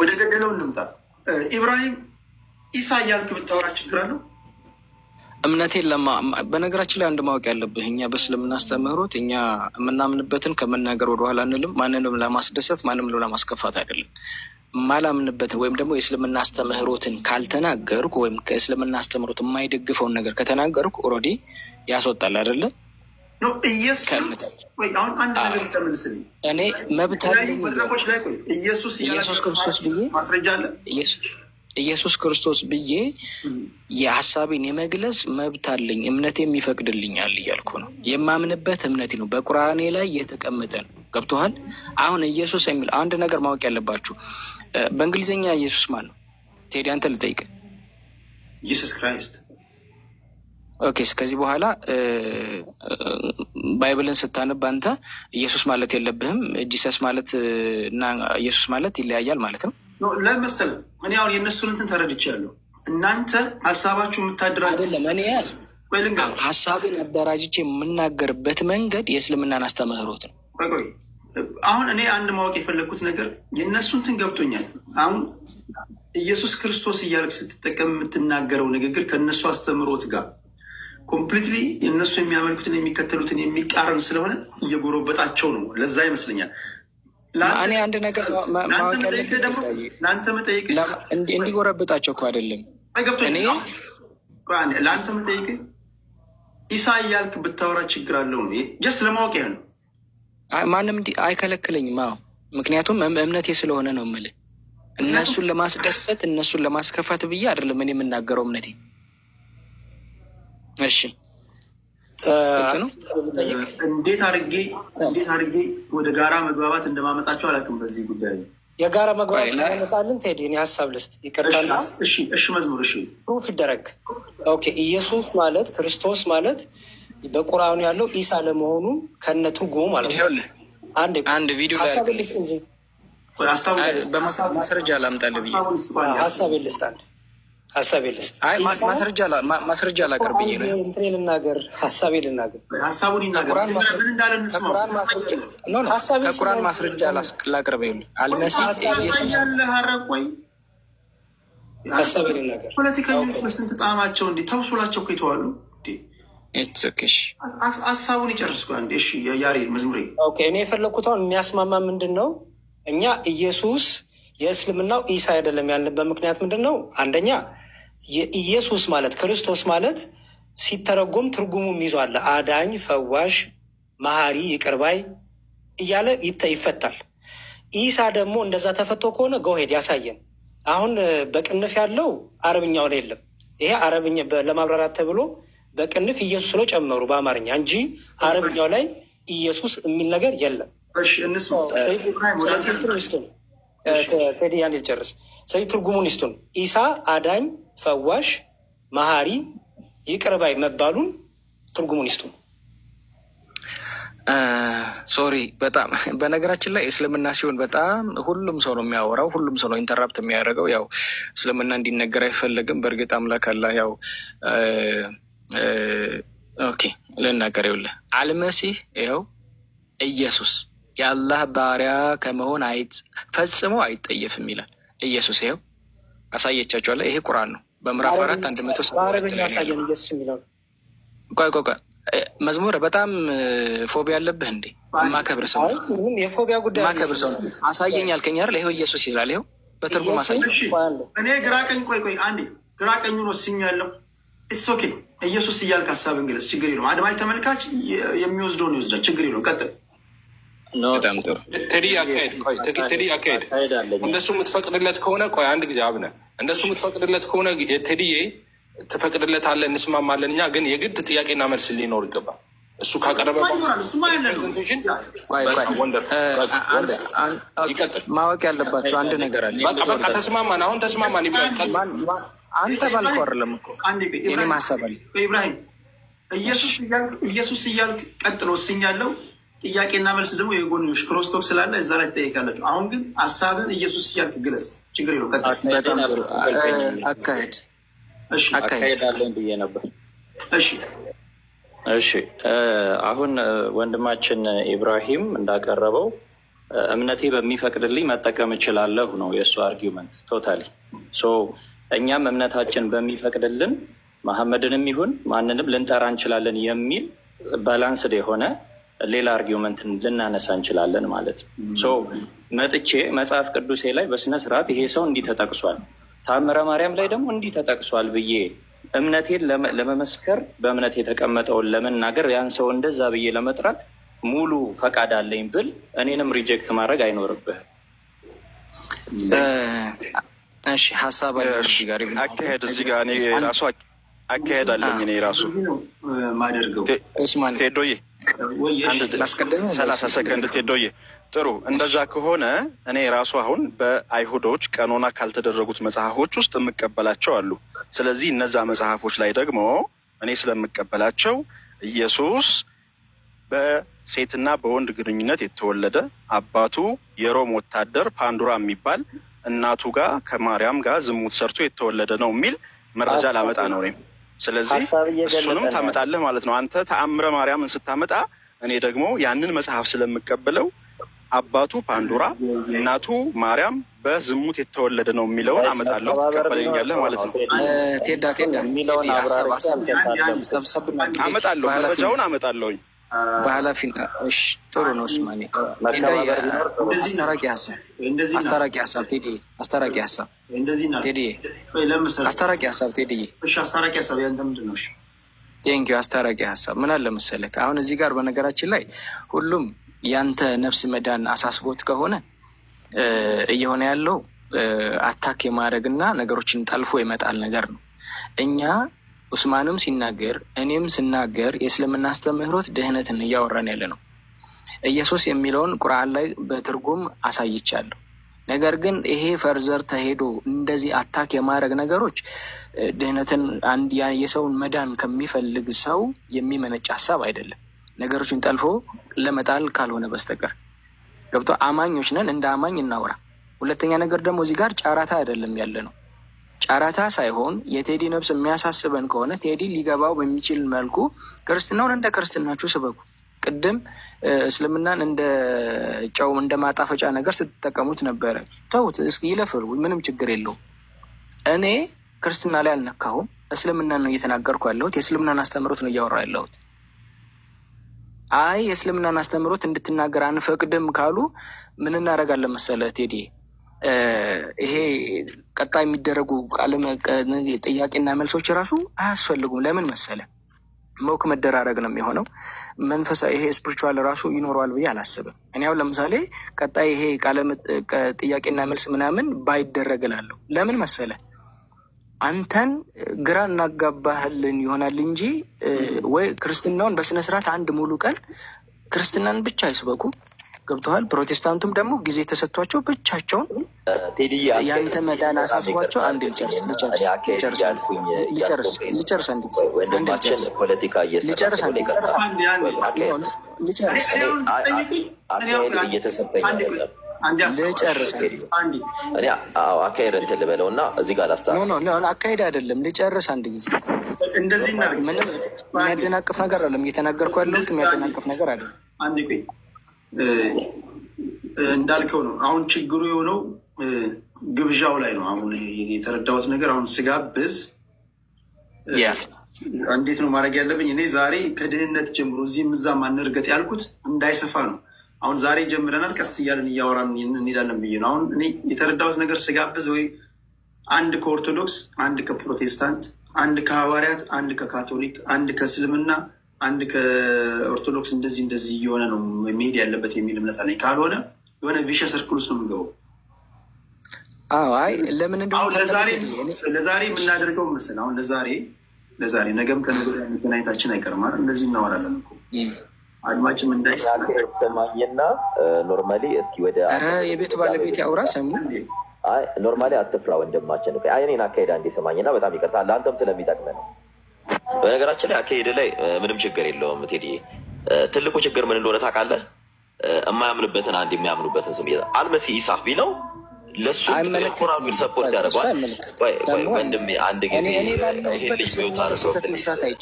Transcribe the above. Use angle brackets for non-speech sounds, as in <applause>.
ወደ ገደለው እንምጣ። ኢብራሂም ኢሳ እያልክ ብታወራ ችግር አለው? እምነቴን ለማ በነገራችን ላይ አንድ ማወቅ ያለብህ እኛ በእስልምና አስተምህሮት እኛ የምናምንበትን ከመናገር ወደኋላ አንልም። ማንንም ለማስደሰት ማንንም ለማስከፋት አይደለም። ማላምንበትን ወይም ደግሞ የእስልምና አስተምህሮትን ካልተናገርኩ ወይም ከእስልምና አስተምህሮት የማይደግፈውን ነገር ከተናገርኩ ኦልሬዲ ያስወጣል አይደለም እኔ መብት ኢየሱስ ክርስቶስ ብዬ የሀሳቤን የመግለጽ መብት አለኝ፣ እምነቴም ይፈቅድልኛል እያልኩ ነው። የማምንበት እምነቴ ነው፣ በቁርአኔ ላይ የተቀመጠ ነው። ገብቶሃል? አሁን ኢየሱስ የሚል አንድ ነገር ማወቅ ያለባችሁ በእንግሊዝኛ ኢየሱስ ማን ነው? ቴዲ አንተ ልጠይቅ። ኢየሱስ ክራይስት ኦኬ ከዚህ በኋላ ባይብልን ስታነብ አንተ ኢየሱስ ማለት የለብህም። ጂሰስ ማለት እና ኢየሱስ ማለት ይለያያል ማለት ነው። ለመሰለ እኔ አሁን የእነሱን እንትን ተረድቻለሁ። እናንተ ሀሳባችሁ የምታድራ አይደለም። እኔ ሀሳብን አደራጅቼ የምናገርበት መንገድ የእስልምናን አስተምህሮት ነው። አሁን እኔ አንድ ማወቅ የፈለግኩት ነገር የእነሱን እንትን ገብቶኛል አሁን ኢየሱስ ክርስቶስ እያልክ ስትጠቀም የምትናገረው ንግግር ከእነሱ አስተምህሮት ጋር ኮምፕሊትሊ እነሱ የሚያመልኩትን የሚከተሉትን የሚቃረን ስለሆነ እየጎረበጣቸው ነው። ለዛ ይመስለኛል እኔ አንድ ነገር ለአንተ መጠየቅ እንዲጎረብጣቸው እኮ አይደለም ለአንተ መጠየቅ ኢሳ እያልክ ብታወራ ችግር አለው ነው ጀስት ለማወቅ ያህል ማንም አይከለክለኝም። አዎ ምክንያቱም እምነቴ ስለሆነ ነው የምልህ። እነሱን ለማስደሰት እነሱን ለማስከፋት ብዬ አይደለም እኔ የምናገረው እምነቴ እሺ እንዴት አድርጌ እንዴት አድርጌ ወደ ጋራ መግባባት እንደማመጣቸው አላውቅም። በዚህ ጉዳይ የጋራ መግባባት እንደማመጣልን ቴዲ፣ እኔ ሀሳብ ልስጥ ይቀርታልና፣ እሺ መዝሙር እሺ፣ ፕሩፍ ይደረግ። ኦኬ ኢየሱስ ማለት ክርስቶስ ማለት በቁርአኑ ያለው ኢሳ ለመሆኑ ከነ ትርጉሙ ማለት ነው። አንድ አንድ ቪዲዮ ሀሳብ ልስጥ እንጂ በማስረጃ ላምጣልህ ብዬ ሀሳብ ልስጥ አንድ ሀሳቤ ልስጥ። ማስረጃ ላቀርብ እንትን ልናገር፣ ሀሳቤ ልናገር፣ ከቁርአን ማስረጃ ላቅርብ። አልመሲህ ሀሳቤ ልናገር። ፖለቲከኞች በስንት ጣዕማቸው እንዴ ተውሱላቸው ከይተዋሉ። ሀሳቡን ይጨርስ። እሺ ያሬ መዝሙሬ እኔ የፈለግኩት አሁን የሚያስማማ ምንድን ነው? እኛ ኢየሱስ የእስልምናው ኢሳ አይደለም ያልንበት ምክንያት ምንድን ነው? አንደኛ ኢየሱስ ማለት ክርስቶስ ማለት ሲተረጎም ትርጉሙም ይዟል። አዳኝ፣ ፈዋሽ፣ መሐሪ፣ ይቅርባይ እያለ ይፈታል። ኢሳ ደግሞ እንደዛ ተፈቶ ከሆነ ጎሄድ ያሳየን። አሁን በቅንፍ ያለው አረብኛው ላይ የለም። ይሄ አረብኛ ለማብራራት ተብሎ በቅንፍ ኢየሱስ ሎ ጨመሩ በአማርኛ እንጂ አረብኛው ላይ ኢየሱስ የሚል ነገር የለም። ቴዲ ያን ልጨርስ። ስለዚህ ትርጉሙን ይስቱን። ኢሳ አዳኝ፣ ፈዋሽ፣ መሀሪ፣ ይቅርባይ መባሉን ትርጉሙን ይስጡን። ሶሪ በጣም <laughs> በነገራችን ላይ እስልምና ሲሆን በጣም ሁሉም ሰው ነው የሚያወራው፣ ሁሉም ሰው ነው ኢንተራፕት የሚያደርገው። ያው እስልምና እንዲነገር አይፈለግም። በእርግጥ አምላክ አላህ ያው ኦኬ ልናገር ይውለ አልመሲህ ይኸው ኢየሱስ የአላህ ባሪያ ከመሆን ፈጽሞ አይጠየፍም ይላል ኢየሱስ። ይኸው አሳየቻችኋለ። ይሄ ቁርአን ነው። በምዕራፍ አራት አንድ መቶ ቆይ ቆይ መዝሙር በጣም ፎቢያ አለብህ እንዴ? የማከብር ሰው የማከብር ሰው አሳየኝ አልከኝ አይደል? ይኸው ኢየሱስ ይላል። ይኸው በትርጉም አሳየኝ። እኔ ግራቀኝ ቆይ ቆይ አንዴ ግራቀኙን ወስኛለሁ። ኢትስ ኦኬ ኢየሱስ እያልክ ሀሳብ እንግለጽ፣ ችግር የለውም። አድማጭ ተመልካች የሚወስደውን ይወስዳል፣ ችግር የለውም። ቀጥል በጣም ጥሩ ቴዲ አካሄድ ቆይ ቴዲ አካሄድ እንደሱ የምትፈቅድለት ከሆነ ቆይ አንድ ጊዜ አብነ እንደሱ የምትፈቅድለት ከሆነ ቴዲዬ ትፈቅድለት አለ እንስማማለን። እኛ ግን የግድ ጥያቄና መልስ ሊኖር ይገባል። እሱ ካቀረበ ማወቅ ያለባቸው አንድ ነገር አለ። በቃ ተስማማን፣ አሁን ተስማማን። አንተ ባልኩ አይደለም እኔ ማሰብ አለ ኢብራሂም ኢየሱስ እያልክ ቀጥሎ እስኛለው ጥያቄና መልስ ደግሞ የጎንዮሽ ክሮስቶክ ስላለ እዛ ላይ ትጠይቃላችሁ። አሁን ግን ሀሳብን ኢየሱስ እያልክ ግለጽ፣ ችግር የለውም። አካሄድ ብዬ ነበር። እሺ እሺ። አሁን ወንድማችን ኢብራሂም እንዳቀረበው እምነቴ በሚፈቅድልኝ መጠቀም እችላለሁ ነው የእሱ አርጊመንት ቶታሊ እኛም እምነታችን በሚፈቅድልን መሐመድንም ይሁን ማንንም ልንጠራ እንችላለን የሚል ባላንስድ የሆነ ሌላ አርጊመንትን ልናነሳ እንችላለን ማለት ነው። መጥቼ መጽሐፍ ቅዱሴ ላይ በስነ ስርዓት ይሄ ሰው እንዲህ ተጠቅሷል፣ ታምረ ማርያም ላይ ደግሞ እንዲህ ተጠቅሷል ብዬ እምነቴን ለመመስከር በእምነት የተቀመጠውን ለመናገር ያን ሰው እንደዛ ብዬ ለመጥራት ሙሉ ፈቃድ አለኝ ብል እኔንም ሪጀክት ማድረግ አይኖርብህም። እሺ ሀሳብ አካሄድ እዚህ ጋር እኔ ራሱ አካሄድ አለኝ እኔ ራሱ ማደርገው ቴዶዬ ሰላሳ ሰከንድ ቴዶዬ፣ ጥሩ እንደዛ ከሆነ እኔ ራሱ አሁን በአይሁዶች ቀኖና ካልተደረጉት መጽሐፎች ውስጥ የምቀበላቸው አሉ። ስለዚህ እነዛ መጽሐፎች ላይ ደግሞ እኔ ስለምቀበላቸው ኢየሱስ በሴትና በወንድ ግንኙነት የተወለደ አባቱ የሮም ወታደር ፓንዱራ የሚባል እናቱ ጋር ከማርያም ጋር ዝሙት ሰርቶ የተወለደ ነው የሚል መረጃ ላመጣ ነው እኔም ስለዚህ እሱንም ታመጣለህ ማለት ነው። አንተ ተአምረ ማርያምን ስታመጣ እኔ ደግሞ ያንን መጽሐፍ ስለምቀበለው አባቱ ፓንዶራ እናቱ ማርያም በዝሙት የተወለደ ነው የሚለውን አመጣለሁ። ትቀበለኛለህ ማለት ነው። ቴዳ ቴዳ አመጣለሁ፣ መረጃውን አመጣለሁኝ በኃላፊና ጥሩ ነው። አስታራቂ ሀሳብ አስታራቂ ሀሳብ ቴዲ አስታራቂ ሀሳብ ቴዲ አስታራቂ ሀሳብ ቴዲ አስታራቂ ሀሳብ ያንተ ምንድን ነው? አስታራቂ ሀሳብ ምን አለ መሰለህ፣ አሁን እዚህ ጋር በነገራችን ላይ ሁሉም ያንተ ነፍስ መዳን አሳስቦት ከሆነ እየሆነ ያለው አታክ የማድረግና ነገሮችን ጠልፎ ይመጣል ነገር ነው እኛ ኡስማንም ሲናገር እኔም ስናገር የእስልምና አስተምህሮት ድህነትን እያወራን ያለ ነው። ኢየሱስ የሚለውን ቁርአን ላይ በትርጉም አሳይቻለሁ። ነገር ግን ይሄ ፈርዘር ተሄዶ እንደዚህ አታክ የማድረግ ነገሮች ድህነትን አንድ የሰውን መዳን ከሚፈልግ ሰው የሚመነጭ ሀሳብ አይደለም። ነገሮችን ጠልፎ ለመጣል ካልሆነ በስተቀር ገብቶ አማኞች ነን፣ እንደ አማኝ እናውራ። ሁለተኛ ነገር ደግሞ እዚህ ጋር ጫራታ አይደለም ያለ ነው። ጨረታ ሳይሆን የቴዲ ነብስ የሚያሳስበን ከሆነ ቴዲ ሊገባው በሚችል መልኩ ክርስትናውን እንደ ክርስትናችሁ ስበኩ። ቅድም እስልምናን እንደ ጨው እንደ ማጣፈጫ ነገር ስትጠቀሙት ነበረ። ተውት እስኪ ይለፍሩ፣ ምንም ችግር የለው እኔ ክርስትና ላይ አልነካሁም። እስልምናን ነው እየተናገርኩ ያለሁት። የእስልምናን አስተምሮት ነው እያወራ ያለሁት። አይ የእስልምናን አስተምሮት እንድትናገር አንፈቅድም ካሉ ምን እናደርጋለን መሰለህ ቴዲ ይሄ ቀጣይ የሚደረጉ ቃለ ጥያቄና መልሶች ራሱ አያስፈልጉም። ለምን መሰለ መውክ መደራረግ ነው የሚሆነው። መንፈሳዊ ይሄ ስፕሪቹዋል ራሱ ይኖረዋል ብዬ አላስብም። እኔ አሁን ለምሳሌ ቀጣይ ይሄ ቃለ ጥያቄና መልስ ምናምን ባይደረግ እላለሁ። ለምን መሰለ አንተን ግራ እናጋባህልን ይሆናል እንጂ ወይ ክርስትናውን በስነስርዓት አንድ ሙሉ ቀን ክርስትናን ብቻ አይስበኩ ገብተዋል። ፕሮቴስታንቱም ደግሞ ጊዜ ተሰጥቷቸው ብቻቸውን ያንተ መዳን አሳስቧቸው አንድ ልጨርስ ልጨርስ አካሄድ አይደለም። ልጨርስ አንድ ጊዜ እንደዚህ የሚያደናቅፍ ነገር አለም። እየተናገርኩ ያለሁት የሚያደናቅፍ ነገር አለ። እንዳልከው ነው። አሁን ችግሩ የሆነው ግብዣው ላይ ነው። አሁን የተረዳሁት ነገር አሁን ስጋብዝ እንዴት ነው ማድረግ ያለብኝ? እኔ ዛሬ ከድህነት ጀምሮ እዚህ እዛም ማንርገጥ ያልኩት እንዳይሰፋ ነው። አሁን ዛሬ ጀምረናል፣ ቀስ እያለን እያወራን እንሄዳለን ብዬ ነው። አሁን እኔ የተረዳሁት ነገር ስጋብዝ ወይ አንድ ከኦርቶዶክስ፣ አንድ ከፕሮቴስታንት፣ አንድ ከሐዋርያት፣ አንድ ከካቶሊክ፣ አንድ ከእስልምና አንድ ከኦርቶዶክስ እንደዚህ እንደዚህ እየሆነ ነው መሄድ ያለበት የሚል እምነት አለኝ። ካልሆነ የሆነ ቪሸ ሰርክል ውስጥ ነው የምንገባው። አይ ለምን ለዛሬ የምናደርገው ምስል አሁን ለዛሬ ለዛሬ ነገም ከነገ መገናኘታችን አይቀርም አይደል? እንደዚህ እናወራለን እኮ አድማጭም እንዳይሰማኝና ኖርማሊ እስኪ ወደ የቤቱ ባለቤት ያውራ ሰሙ ኖርማሊ አትፍራ ወንድማችን እኔን አካሄዳ እንዲሰማኝና በጣም ይቀርታል ለአንተም ስለሚጠቅም ነው በነገራችን ላይ አካሄድ ላይ ምንም ችግር የለውም ቴዲ። ትልቁ ችግር ምን እንደሆነ ታውቃለህ? የማያምንበትን አንድ የሚያምኑበትን ስም አልመሲ ኢሳ ቢለው ለሱ ቁራኑ ሰፖርት ያደርገዋል። ወንድሜ አንድ ጊዜ ይሄ ልጅ ሚወታ ሰው